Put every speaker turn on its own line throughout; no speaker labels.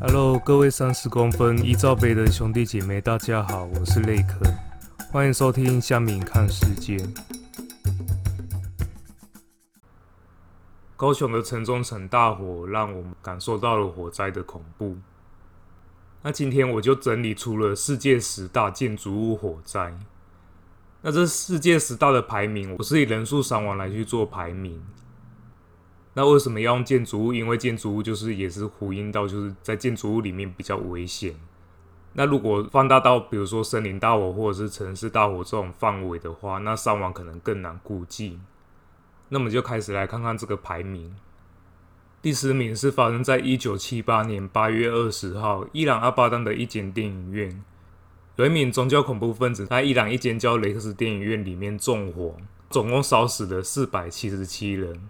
Hello，各位三十公分一罩杯的兄弟姐妹，大家好，我是內科，歡迎收聽《下面看世界》。高雄的城中城大火讓我們感受到了火災的恐怖。那今天我就整理出了世界十大建築物火災。那這世界十大的排名，我是以人數傷亡來去做排名。那為什麼要用建築物？因為建築物就是也是呼應到，就是在建築物裡面比較危險。那如果放大到比如說森林大火或者是城市大火這種範圍的話，那傷亡可能更難估計。那麼就開始來看看這個排名。第十名是發生在一九七八年八月二十號伊朗阿巴丹的一間電影院，有一名宗教恐怖分子在伊朗一間叫雷克斯電影院裡面縱火，總共燒死了四百七十七人。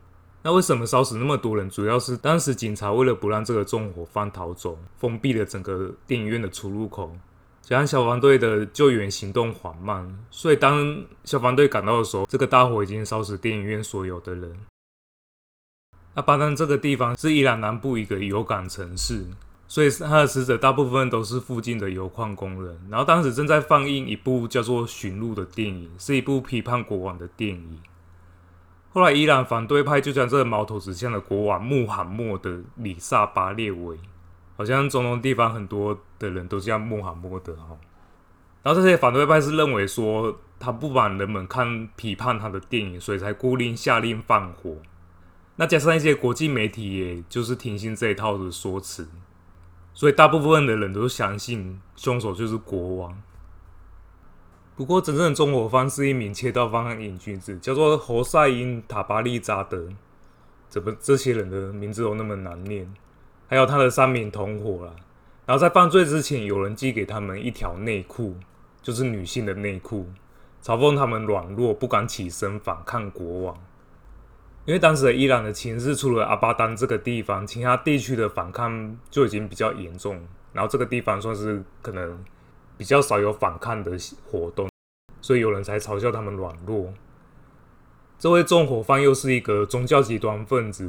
那為什麼燒死那麼多人？主要是當時警察為了不讓這個縱火犯逃走，封閉了整個電影院的出入口，加上消防隊的救援行動緩慢，所以當消防隊趕到的時候，這個大火已經燒死電影院所有的人。阿巴丹這個地方是伊朗南部一個油港城市，所以它的死者大部分都是附近的油礦工人。然後當時正在放映一部叫做《尋路》的電影，是一部批判國王的電影。後來，伊朗反對派就將這個矛頭指向了國王穆罕默德里薩巴列維，好像中東地方很多的人都是叫穆罕默德吼。然後這些反對派是認為說他不滿人們看批判他的電影，所以才孤零下令放火。那加上一些國際媒體，也就是聽信這一套的說辭，所以大部分的人都相信凶手就是國王。不過，真正的縱火方是一名竊盜方癮君子，叫做侯賽因·塔巴利扎德。怎麼這些人的名字都那麼難念？還有他的三名同夥啦。然後在犯罪之前，有人寄給他們一條內褲，就是女性的內褲，嘲諷他們軟弱，不敢起身反抗國王。因為當時的伊朗的情勢，除了阿巴丹這個地方，其他地區的反抗就已經比較嚴重，然後這個地方算是可能，比較少有反抗的活動，所以有人才嘲笑他們軟弱。這位縱火犯又是一個宗教極端分子，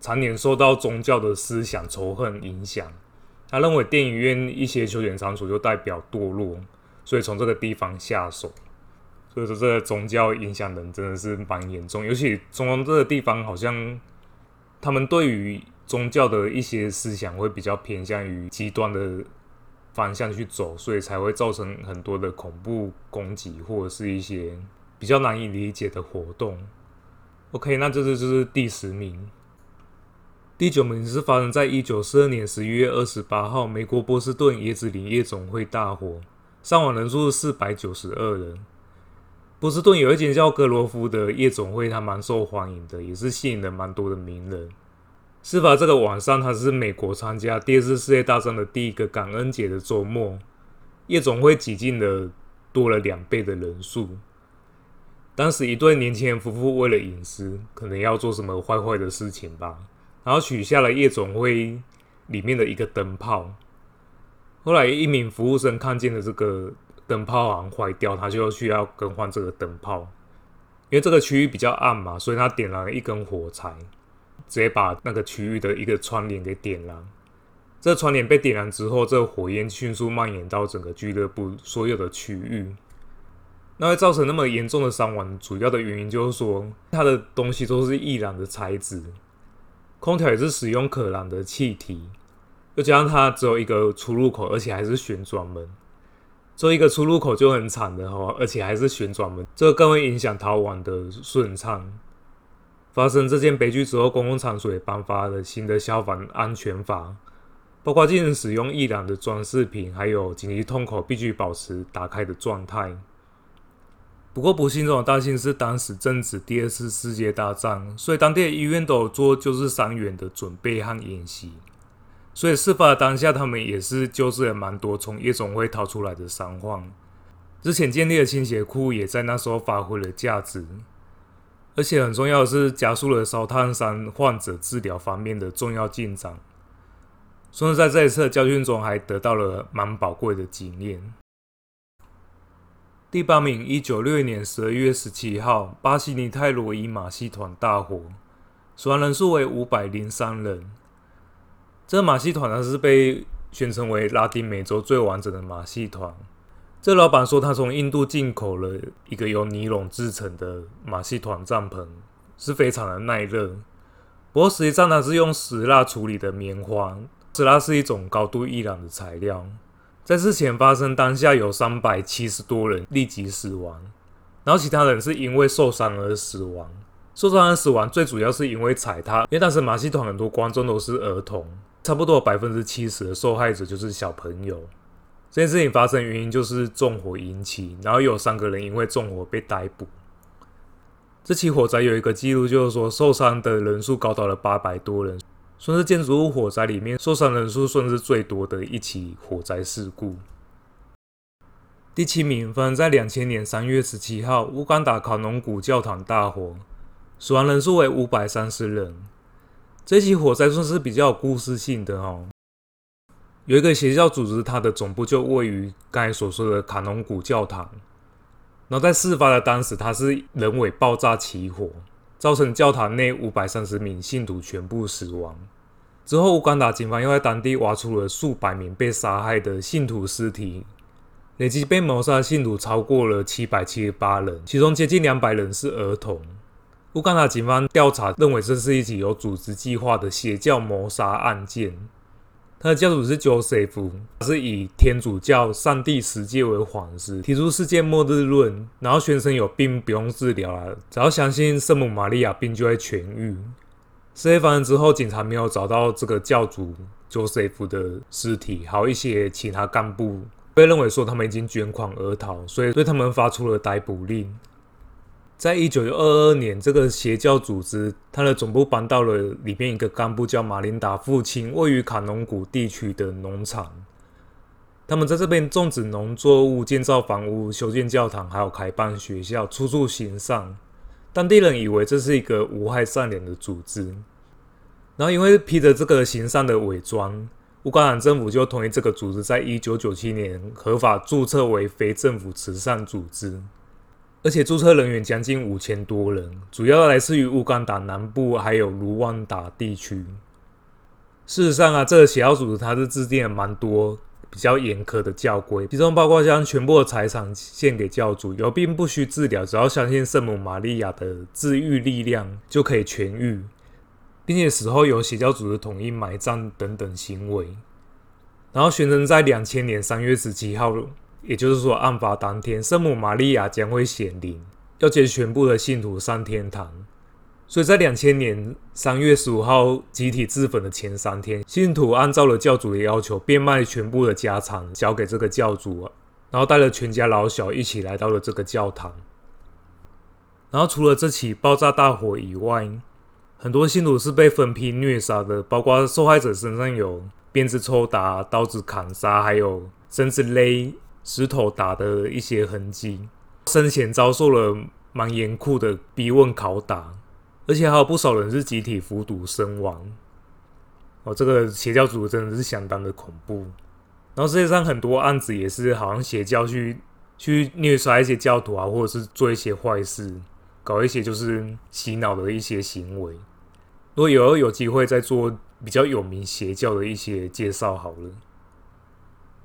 常年受到宗教的思想仇恨影響。他認為電影院一些休閒場所就代表墮落，所以從這個地方下手。所以說，這個宗教影響人真的是蠻嚴重，尤其中東這個地方，好像他們對於宗教的一些思想會比較偏向於極端的。方向去走，所以才會造成很多的恐怖攻擊，或者是一些比較難以理解的活動。OK，那這次就是第十名，第九名是發生在一九四二年十一月二十八號，美國波士頓椰子林夜總會大火，傷亡人數四百九十二人。波士頓有一間叫格羅夫的夜總會，它蠻受歡迎的，也是吸引了蠻多的名人。事發這個晚上，他是美國參加第二次世界大戰的第一個感恩節的周末，夜總會擠進了多了兩倍的人數。當時一對年輕人夫婦為了隱私，可能要做什麼壞壞的事情吧，然後取下了夜總會裡面的一個燈泡。後來一名服務生看見了這個燈泡好像壞掉，他就需要更換這個燈泡，因為這個區域比較暗嘛，所以他點燃了一根火柴。直接把那個區域的一個窗簾給點燃，這個窗簾被點燃之後，這個火焰迅速蔓延到整個俱樂部所有的區域，那會造成那麼嚴重的傷亡。主要的原因就是說，它的東西都是易燃的材質，空調也是使用可燃的氣體，再加上它只有一個出入口，而且還是旋轉門，這一個出入口就很慘的吼，而且還是旋轉門，這個更會影響逃亡的順暢。發生這件悲劇之後，公共場所也頒發了新的消防安全法，包括禁止使用易燃的裝飾品，還有緊急出口必須保持打開的狀態。不過不幸中的大幸是，當時正值第二次世界大戰，所以當地的醫院都有做救治傷員的準備和演習。所以事發當下，他們也是救治了蠻多從夜總會逃出來的傷患。之前建立的獻血庫也在那時候發揮了價值。而且很重要的是，加速了燒燙傷患者治療方面的重要進展。所以在這一次的教訓中，還得到了蠻寶貴的經驗。第八名，一九六一年十二月十七號，巴西尼泰羅伊馬戲團大火，死亡人數為五百零三人。這個、馬戲團呢，是被宣稱為拉丁美洲最完整的馬戲團。這老板說，他從印度進口了一個由尼龍制成的馬戲團帳篷，是非常的耐熱。不過實際上，它是用石蠟處理的棉花。石蠟是一種高度易燃的材料。在事前發生當下，有三百七十多人立即死亡，然後其他人是因為受傷而死亡。受傷而死亡最主要是因為踩踏，因為當時馬戲團很多觀眾都是兒童，差不多百分之七十的受害者就是小朋友。這件事情發生原因就是縱火引起，然後有三個人因為縱火被逮捕。這起火災有一個記錄，就是說受傷的人數高到了八百多人，算是建築物火災裡面受傷人數算是最多的一起火災事故。第七名，發生在兩千年三月十七號，烏干達卡農古教堂大火，死亡人數為五百三十人。這起火災算是比較有故事性的哦。有一個邪教組織，它的總部就位於剛才所說的卡農谷教堂。然後在事發的當時，它是人為爆炸起火，造成教堂內五百三十名信徒全部死亡。之後，烏干達警方又在當地挖出了數百名被殺害的信徒屍體，累計被謀殺的信徒超過了七百七十八人，其中接近兩百人是兒童。烏干達警方調查認為，這是一起有組織計劃的邪教謀殺案件。他的教主是 Joseph，他是以天主教上帝十誡為幌子，提出世界末日論，然後宣稱有病不用治療了，只要相信聖母瑪利亞，病就會痊癒。事發之後，警察沒有找到這個教主 Joseph 的屍體，還一些其他幹部被認為說他們已經捲款而逃，所以對他們發出了逮捕令。在一九二二年，這個邪教組織，它的總部搬到了裡面一個幹部叫馬林達父親位於卡農谷地區的農場。他們在這邊種植農作物、建造房屋、修建教堂，還有開辦學校，處處行善。當地人以為這是一個無害善良的組織，然後因為披着這個行善的偽裝，烏干達政府就同意這個組織在一九九七年合法注冊為非政府慈善組織。而且註冊人員將近五千多人，主要來自於烏干達南部還有盧旺達地區。事實上啊，這個邪教組織它是制定了蠻多比較嚴苛的教規，其中包括將全部的財產獻給教主、有病不需治療，只要相信聖母瑪利亞的治癒力量就可以痊癒，並且死後由邪教組織統一埋葬等等行為。然後宣稱在兩千年三月十七號。也就是說，案發當天，聖母瑪利亞將會顯靈，要接全部的信徒上天堂。所以在兩千年三月十五號集體自焚的前三天，信徒按照了教主的要求，變賣全部的家產，交給這個教主，然後帶了全家老小一起來到了這個教堂。然後除了這起爆炸大火以外，很多信徒是被分批虐殺的，包括受害者身上有鞭子抽打、刀子砍殺，還有甚至勒。石頭打的一些痕跡，生前遭受了蠻嚴酷的逼問拷打，而且還有不少人是集體服毒身亡。哦，這個邪教組織真的是相當的恐怖。然後世界上很多案子也是，好像邪教去去虐殺一些教徒啊，或者是做一些壞事，搞一些就是洗腦的一些行為。如果有有機會再做比較有名邪教的一些介紹好了。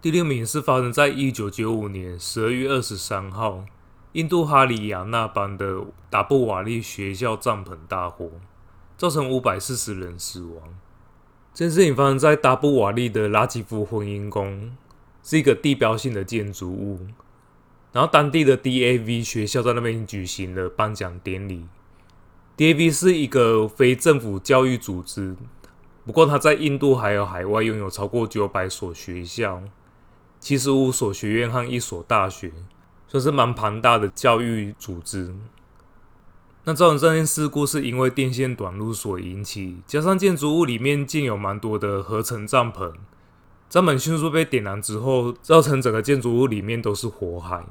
第六名是發生在一九九五年十二月二十三號，印度哈里亞納邦的達布瓦利學校帳篷大火，造成五百四十人死亡。這件事情發生在達布瓦利的拉吉夫婚姻宮，是一個地標性的建築物。然後當地的 D A V 學校在那邊舉行了頒獎典禮。D A V 是一個非政府教育組織，不過它在印度還有海外擁有超過九百所學校。七十五所學院和一所大學，算，就是蠻龐大的教育組織。那造成這件事故是因為電線短路所引起，加上建築物裡面竟有蠻多的合成帳篷，帳篷迅速被點燃之後，造成整個建築物裡面都是火海，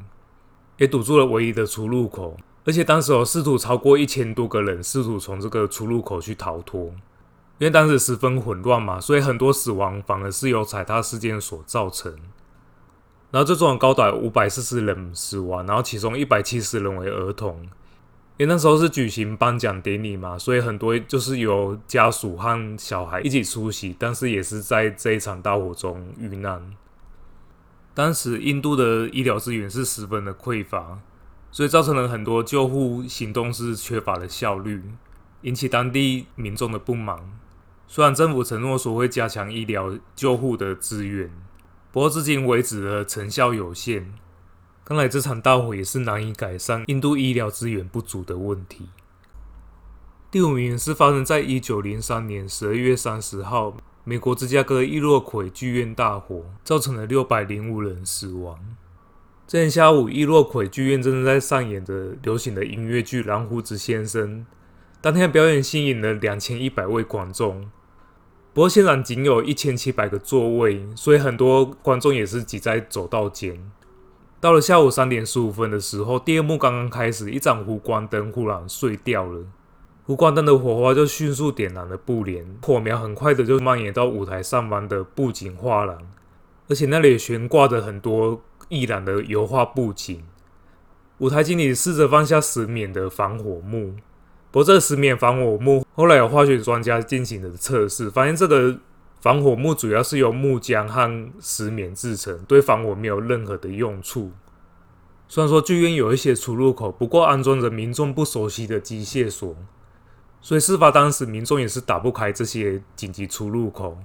也堵住了唯一的出入口。而且當時有試圖超過一千多個人試圖從這個出入口去逃脫，因為當時十分混亂嘛，所以很多死亡反而是由踩踏事件所造成。然後最終的高達五百四十人死亡，然後其中一百七十人為兒童。因那時候是舉行頒獎典禮嘛，所以很多就是由家屬和小孩一起出席，但是也是在這一場大火中遇難。當時印度的醫療資源是十分的匱乏，所以造成了很多救護行動是缺乏的效率，引起當地民眾的不滿。雖然政府承諾說會加強醫療救護的資源。不過，至今為止的成效有限，看來這場大火也是難以改善印度醫療資源不足的問題。第五名是發生在一九零三年十二月三十號，美國芝加哥易洛魁劇院大火，造成了六百零五人死亡。這天下午，易洛魁劇院正在上演着流行的音樂劇《藍鬍子先生》，當天表演吸引了兩千一百位觀眾。不過現場僅有一千七百個座位，所以很多觀眾也是擠在走道間。到了下午三點十五分的時候，第二幕剛剛開始，一盞弧光燈忽然碎掉了，弧光燈的火花就迅速點燃了布簾，火苗很快的就蔓延到舞台上方的布景畫廊，而且那裡也懸掛着很多易燃的油畫布景。舞台經理試着放下石綿的防火幕。不過，這個石棉防火幕後來有化學專家進行了測試，發現這個防火幕主要是由木漿和石棉製成，對防火沒有任何的用處。雖然說劇院有一些出入口，不過安裝着民眾不熟悉的機械鎖，所以事發當時民眾也是打不開這些緊急出入口。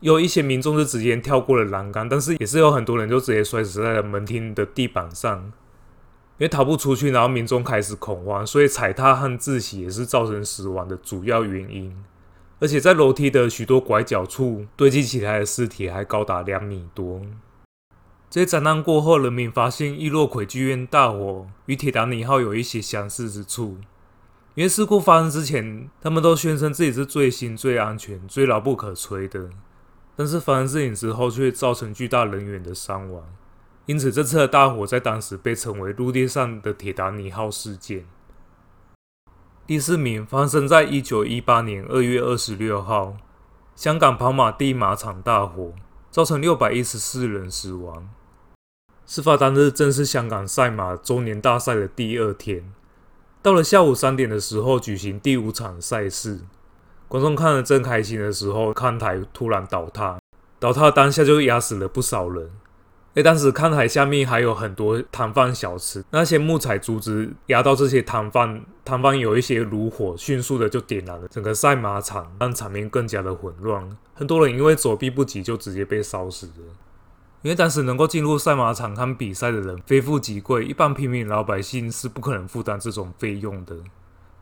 有一些民眾是直接跳過了欄杆，但是也是有很多人就直接摔死在了門廳的地板上。因為逃不出去，然後民眾開始恐慌，所以踩踏和窒息也是造成死亡的主要原因。而且在樓梯的許多拐角處堆積起來的屍體還高達兩米多。這些災難過後，人民發現易洛魁劇院大火與鐵達尼號有一些相似之處，因為事故發生之前，他們都宣稱自己是最新、最安全、最牢不可摧的，但是發生事情之後，卻造成巨大人員的傷亡。因此，這次的大火在當時被稱為“陸地上的鐵達尼號事件”。第四名發生在一九一八年二月二十六號，香港跑馬地馬場大火，造成六百一十四人死亡。事發當日正是香港賽馬周年大賽的第二天，到了下午三點的時候，舉行第五場賽事，觀眾看得正開心的時候，看台突然倒塌，倒塌當下就壓死了不少人。哎，當時看台下面還有很多攤販小吃，那些木材、竹子壓到這些攤販，攤販有一些爐火，迅速的就點燃了整個賽馬場，讓場面更加的混亂。很多人因為躲避不及，就直接被燒死了。因為當時能夠進入賽馬場看比賽的人，非富即貴，一般平民老百姓是不可能負擔這種費用的。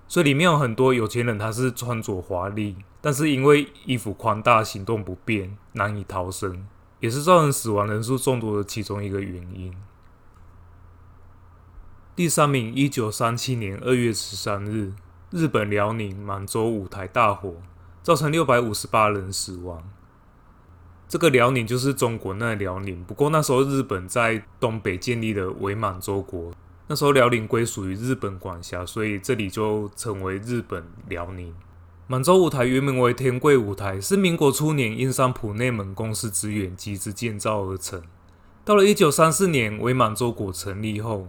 所以裡面有很多有錢人，他是穿着華麗，但是因為衣服寬大，行動不便，難以逃生。也是造成死亡人數眾多的其中一個原因。第三名，一九三七年二月十三日，日本遼寧滿洲舞台大火，造成六百五十八人死亡。這個遼寧就是中國那個遼寧，不過那時候日本在東北建立了偽滿洲國，那時候遼寧歸屬於日本管轄，所以這裡就稱為日本遼寧。滿洲舞台原名為天貴舞台，是民國初年英商普內門公司職員集資建造而成。到了一九三四年，偽滿洲國成立後，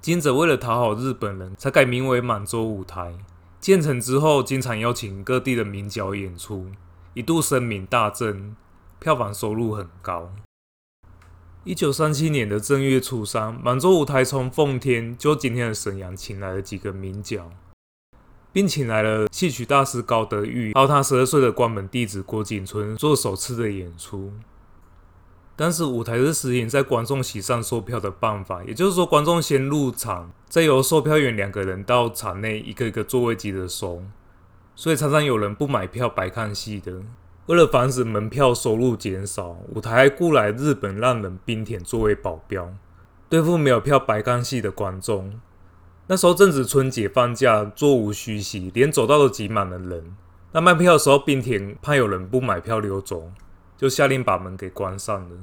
經營者為了討好日本人才改名為滿洲舞台。建成之後，經常邀請各地的名角演出，一度聲名大振，票房收入很高。一九三七年的正月初三，滿洲舞台從奉天（就今天的瀋陽）請來了幾個名角。並請來了戲曲大師高德玉還有他十二歲的關門弟子郭景春做首次的演出。當時舞台是實行在觀眾席上售票的辦法，也就是說觀眾先入場，再由售票員兩個人到場內一個一個座位擠著收，所以常常有人不買票白看戲的。為了防止門票收入減少，舞台還雇來日本浪人冰田作為保鏢，對付沒有票白看戲的觀眾。那時候正值春節放假，座無虛席，連走道都擠滿了人。那賣票的時候，並且怕有人不買票溜走，就下令把門給關上了。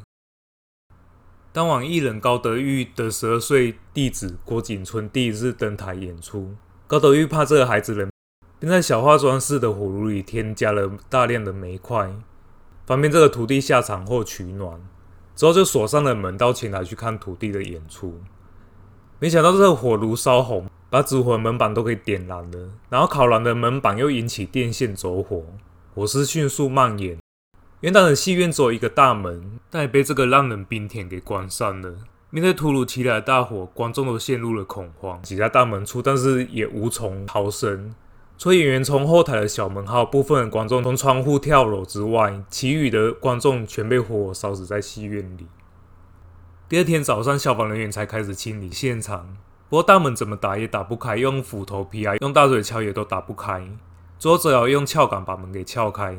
當晚，藝人高德玉的十二歲弟子郭景春第一次登台演出。高德玉怕這個孩子冷，便在小化妝室的火爐裡添加了大量的煤塊，方便這個徒弟下場後取暖。之後就鎖上了門，到前台去看徒弟的演出。沒想到這個火爐燒紅，把紙火的門板都給點燃了。然後烤燃的門板又引起電線走火，火勢迅速蔓延。元大的戲院只有一個大門，但也被這個讓人冰天給關上了。面對突如其來的大火，觀眾都陷入了恐慌，擠在大門處，但是也無從逃生。除演員從後台的小門，還有部分的觀眾從窗戶跳樓之外，其餘的觀眾全被火燒死在戲院裡。第二天早上，消防人員才開始清理現場。不過大門怎麼打也打不開，用斧頭劈啊，用大錘敲也都打不開。最後只好用撬杆把門給撬開。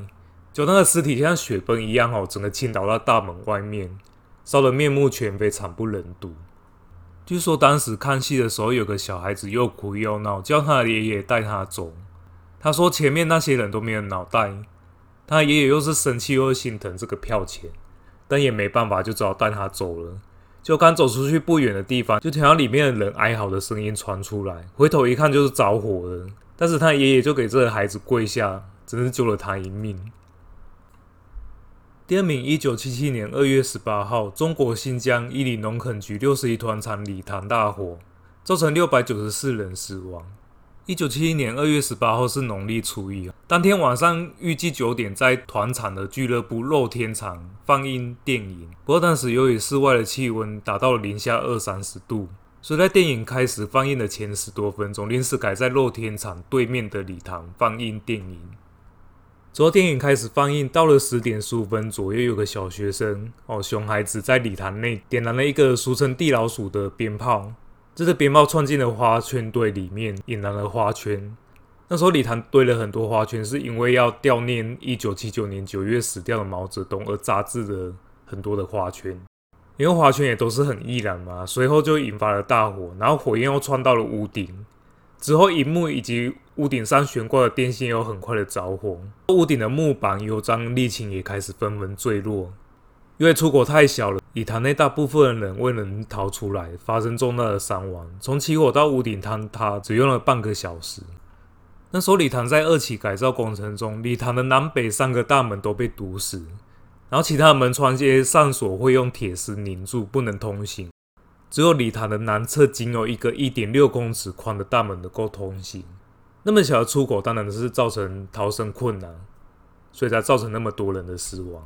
就那個屍體像雪崩一樣哦，整個傾倒到大門外面，燒得面目全非，慘不忍睹。據說當時看戲的時候，有個小孩子又哭又鬧，叫他爺爺帶他走。他說前面那些人都沒有腦袋。他爺爺又是生氣又是心疼這個票錢，但也沒辦法，就只好帶他走了。就剛走出去不遠的地方，就聽到裡面的人哀嚎的聲音傳出來，回頭一看，就是着火了。但是他爺爺就給這個孩子跪下，真是救了他一命。第二名，一九七七年二月十八號，中國新疆伊犁農墾局六十一團場禮堂大火，造成六百九十四人死亡。一九七一年二月十八號是農曆初一，當天晚上預計九點在團場的俱樂部露天場放映電影。不過當時由於室外的氣溫達到了零下二三十度，所以在電影開始放映的前十多分鐘，臨時改在露天場對面的禮堂放映電影。昨天電影開始放映，到了十點十五分左右，有個小學生哦，熊孩子在禮堂內點燃了一個俗稱地老鼠的鞭炮。這只邊貓竄進了花圈堆裡面，引燃了花圈。那時候禮堂堆了很多花圈，是因為要悼念一九七九年九月死掉的毛澤東而扎制了很多的花圈。因為花圈也都是很易燃嘛，隨後就引發了大火，然後火焰又竄到了屋頂。之後，熒幕以及屋頂上懸掛的電線又很快的着火，屋頂的木板有張瀝青也開始紛紛墜落。因為出口太小了，禮堂內大部分的人未能逃出來，發生重大的傷亡。從起火到屋頂坍塌只用了半個小時。那時候禮堂在二期改造工程中，禮堂的南北三個大門都被堵死，然後其他門窗這些，上鎖，會用鐵絲擰住，不能通行。只有禮堂的南側僅有一個一點六公尺寬的大門能夠通行。那麼小的出口當然是造成逃生困難，所以才造成那麼多人的死亡。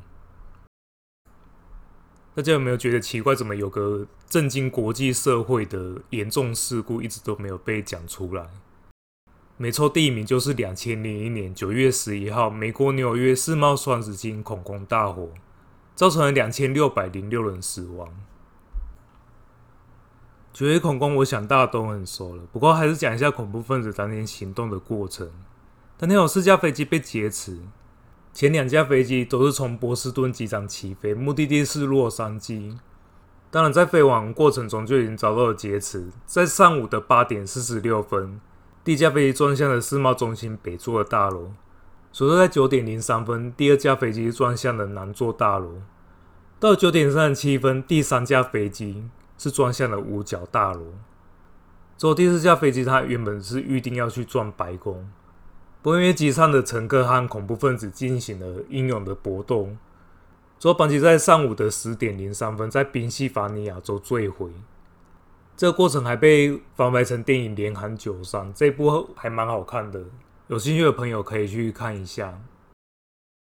大家有沒有覺得奇怪？怎麼有個震驚國際社會的嚴重事故，一直都沒有被講出來？沒錯，第一名就是兩千零一年九月十一號，美國紐約世貿雙子星恐攻大火，造成了兩千六百零六人死亡。九月恐攻，我想大家都很熟了。不過還是講一下恐怖分子當天行動的過程。當天有四架飛機被劫持。前兩架飛機都是從波士頓機場起飛，目的地是洛杉磯。當然，在飛往過程中就已經遭到了劫持。在上午的八點四十六分，第一架飛機撞向了世貿中心北座的大樓，所以說在九點零三分，第二架飛機撞向了南座大樓，到九點三十七分，第三架飛機是撞向了五角大樓。這第四架飛機，它原本是預定要去撞白宮。波音機上的乘客和恐怖分子進行了英勇的搏鬥。這班機在上午的十點零三分在賓夕法尼亞州墜毀。這個過程還被翻拍成電影《聯航九三》，這部還蠻好看的，有興趣的朋友可以去看一下。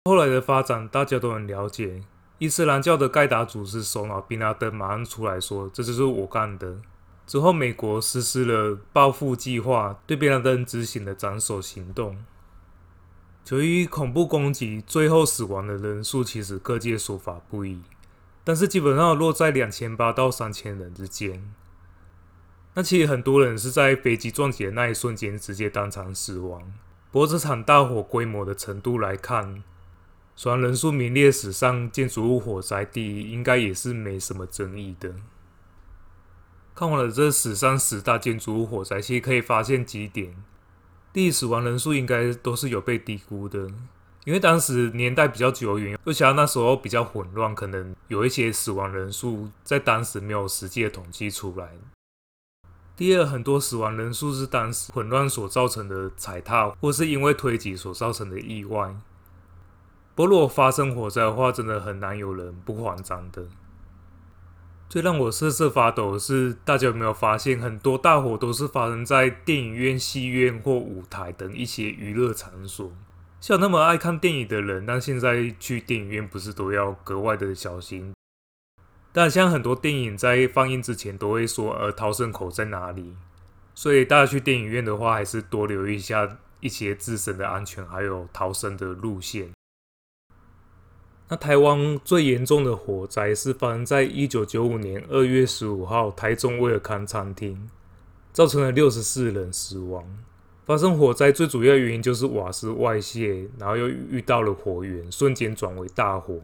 後來的發展大家都很了解。伊斯蘭教的蓋達組織首腦賓拉登馬上出來說：“這就是我幹的。”之後，美國實施了報復計劃，對賓拉登執行了斬首行動。由於恐怖攻擊最後死亡的人數，其實各界說法不一，但是基本上落在兩千八到三千人之間。那其實很多人是在飛機撞擊的那一瞬間直接當場死亡。不過，這場大火規模的程度來看，雖然人數名列史上建築物火災第一，應該也是沒什麼爭議的。看完了這史上十大建築物火災，其實可以發現幾點：第一，死亡人數應該都是有被低估的，因為當時年代比較久遠，而且那時候比較混亂，可能有一些死亡人數在當時沒有實際的統計出來。第二，很多死亡人數是當時混亂所造成的踩踏，或是因為推擠所造成的意外。不過如果發生火災的話，真的很難有人不慌張的。最讓我瑟瑟發抖的是，大家有沒有發現，很多大火都是發生在電影院、戲院或舞台等一些娛樂場所。像那麼愛看電影的人，那現在去電影院不是都要格外的小心？但像很多電影在放映之前都會說，呃，逃生口在哪裡？所以大家去電影院的話，還是多留意一下一些自身的安全，還有逃生的路線。那台灣最嚴重的火災是發生在一九九五年二月十五號，台中威爾康餐廳，造成了六十四人死亡。發生火災最主要原因就是瓦斯外泄，然後又遇到了火源，瞬間轉為大火。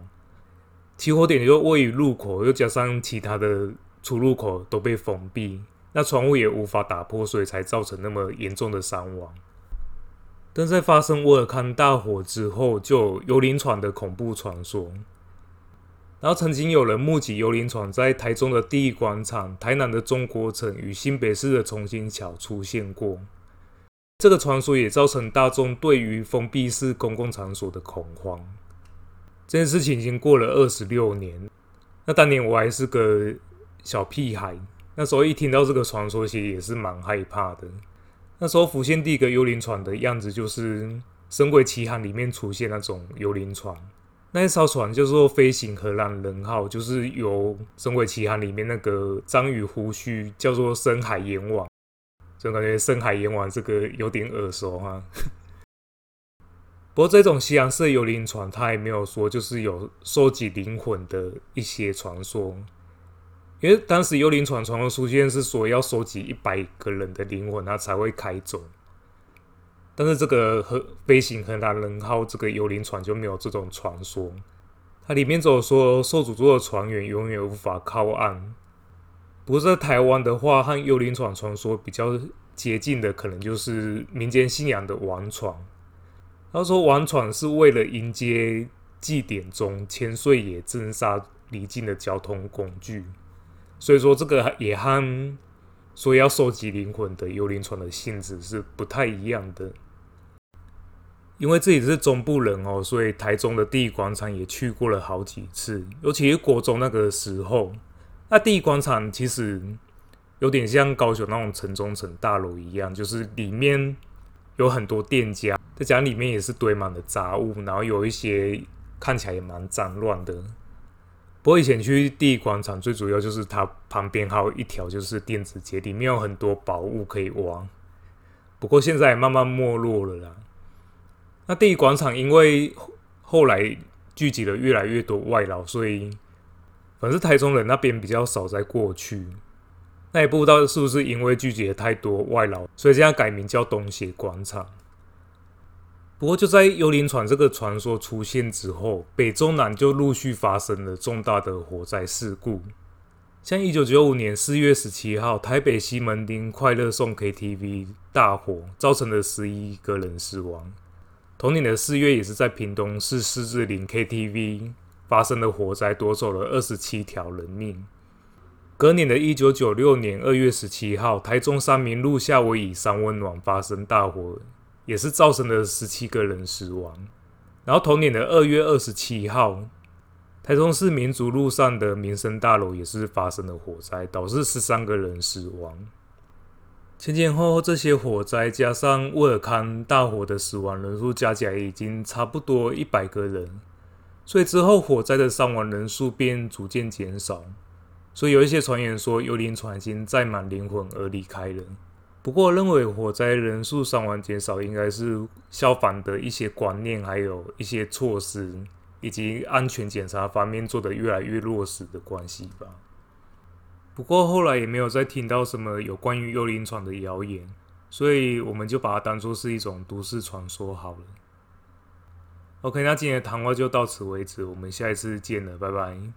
起火點又位於入口，又加上其他的出入口都被封閉，那窗戶也無法打破，所以才造成那麼嚴重的傷亡。但在發生沃爾康大火之後，就有幽靈船的恐怖傳說。然後曾經有人目擊幽靈船在台中的第一廣場、台南的中國城與新北市的重新橋出現過。這個傳說也造成大眾對於封閉式公共場所的恐慌。這件事情已經過了二十六年，那當年我還是個小屁孩，那時候一聽到這個傳說，其實也是蠻害怕的。那時候浮現第一個幽靈船的樣子，就是《神鬼奇航》裡面出現那種幽靈船。那一艘船叫做“飛行荷蘭人號”，就是由《神鬼奇航》裡面那個章魚胡鬚叫做“深海閻王”。總感覺“深海閻王”這個有點耳熟啊。不過，這種西洋式幽靈船，他也沒有說就是有收集靈魂的一些傳說。因為當時幽靈船傳說的出現是說要收集一百個人的靈魂，它才會開走。但是這個和飛行荷蘭人號這個幽靈船就沒有這種傳說，它裡面只有說受詛咒的船員永遠無法靠岸。不過在台灣的話，和幽靈船傳說比較接近的可能就是民間信仰的王船。他說王船是為了迎接祭典中千歲爺自殺離境的交通工具。所以說，這個也和所以要收集靈魂的幽靈船的性質是不太一樣的。因為自己是中部人哦，所以台中的第一廣場也去過了好幾次，尤其是國中那個時候。那第一廣場其實有點像高雄那種城中城大樓一樣，就是裡面有很多店家，在家裡面也是堆滿了雜物，然後有一些看起來也蠻髒亂的。不過以前去第一廣場，最主要就是它旁邊還有一條就是電子街，裡面有很多寶物可以玩。不過現在慢慢沒落了啦。那第一廣場因為後來聚集了越來越多外勞，所以反正台中人那邊比較少在過去。那也不知道是不是因為聚集了太多外勞，所以現在改名叫東協廣場。不過，就在幽靈船這個傳說出現之後，北中南就陸續發生了重大的火災事故。像一九九五年四月十七號，台北西門町快樂頌 KTV 大火，造成了十一個人死亡。同年的四月，也是在屏東市獅子林 KTV 發生的火災，奪走了二十七條人命。隔年的一九九六年二月十七號，台中三民路夏威夷三溫暖發生大火。也是造成了十七個人死亡，然後同年的二月二十七號，台中市民族路上的民生大樓也是發生了火災，導致十三個人死亡。前前後後這些火災加上衛爾康大火的死亡人數加起來已經差不多一百個人，所以之後火災的傷亡人數便逐漸減少。所以有一些傳言說，幽靈船已經載滿靈魂而離開了。不過，認為火災人數傷亡減少，應該是消防的一些觀念，還有一些措施，以及安全檢查方面做得越來越落實的關係吧。不過後來也沒有再聽到什麼有關於幽靈船的謠言，所以我們就把它當做是一種都市傳說好了。OK，那今天的談話就到此為止，我們下一次見了，拜拜。